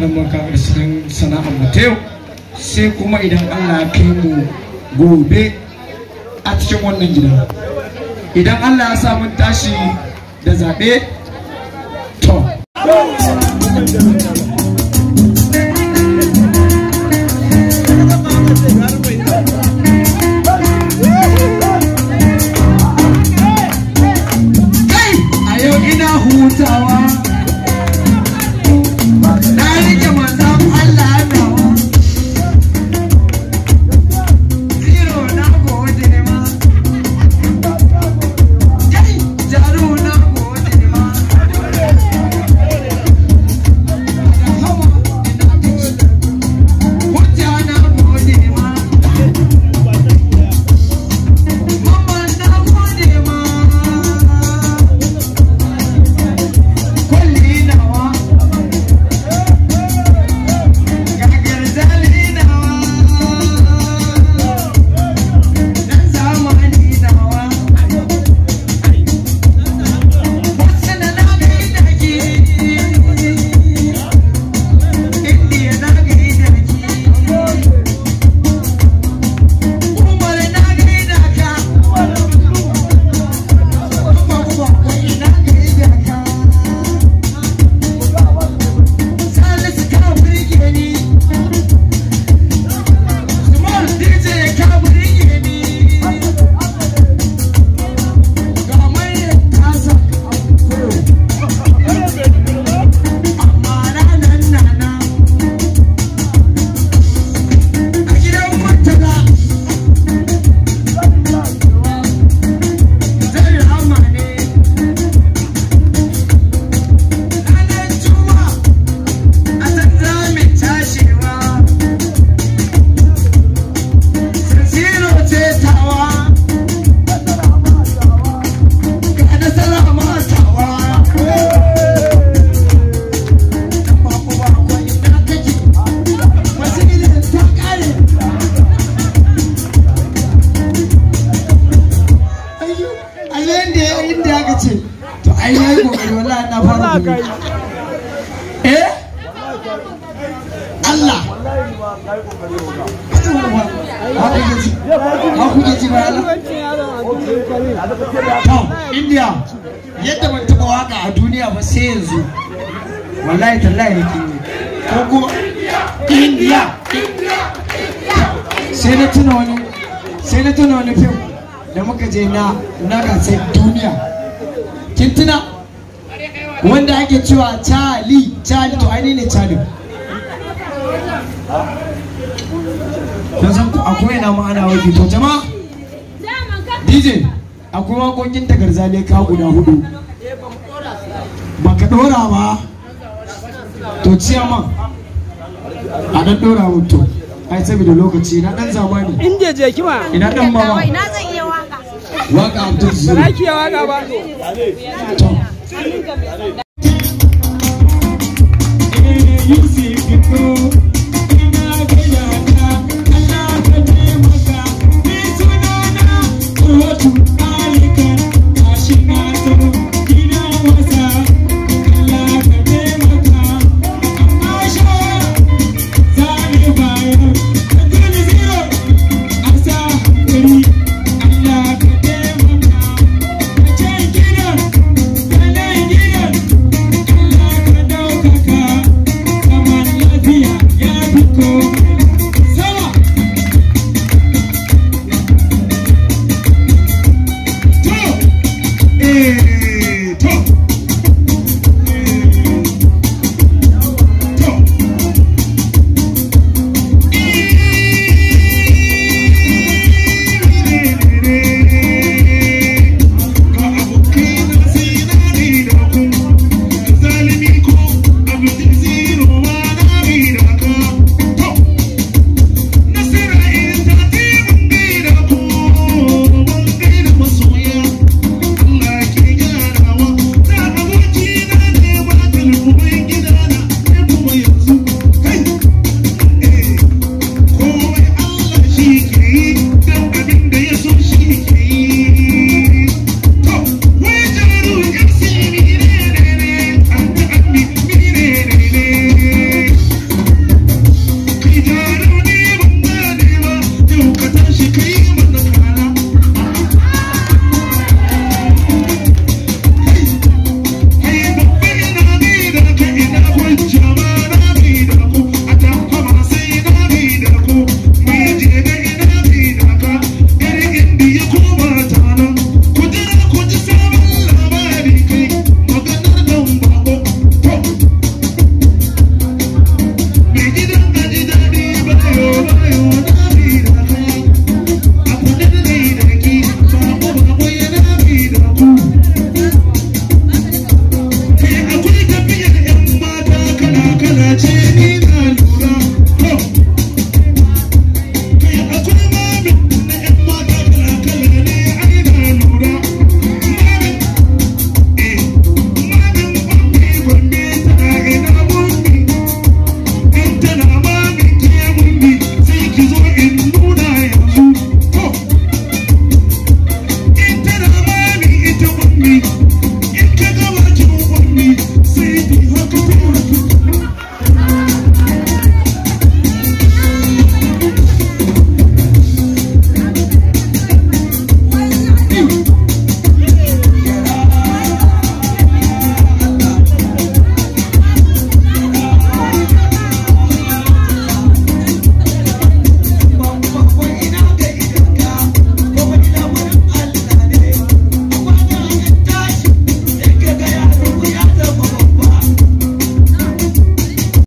nan mun kawo sana'ar mu ta sai kuma idan Allah ya kai mu gobe a cikin wannan gida idan Allah ya sa tashi da zaɓe to eh Allah India yadda ban taba waka a duniya ba sai yanzu wallahi tallahi yake ne ko India sai na tuna wani sai na tuna wani fim da muka je na na gasar duniya kin tuna wanda ake cewa cali cali to ainihin ne cali don san ku akwai yana ma'ana wajen to jama'a dj akwai wakokin da garzale ka guda hudu baka dora ba to ma a dan dora mutu ai saboda lokaci na dan zamani in je je kima ina dan mama ina zan iya waka waka abdul zuri ba ki waka ba to You see, you